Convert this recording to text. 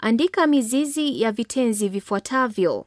Andika mizizi ya vitenzi vifuatavyo.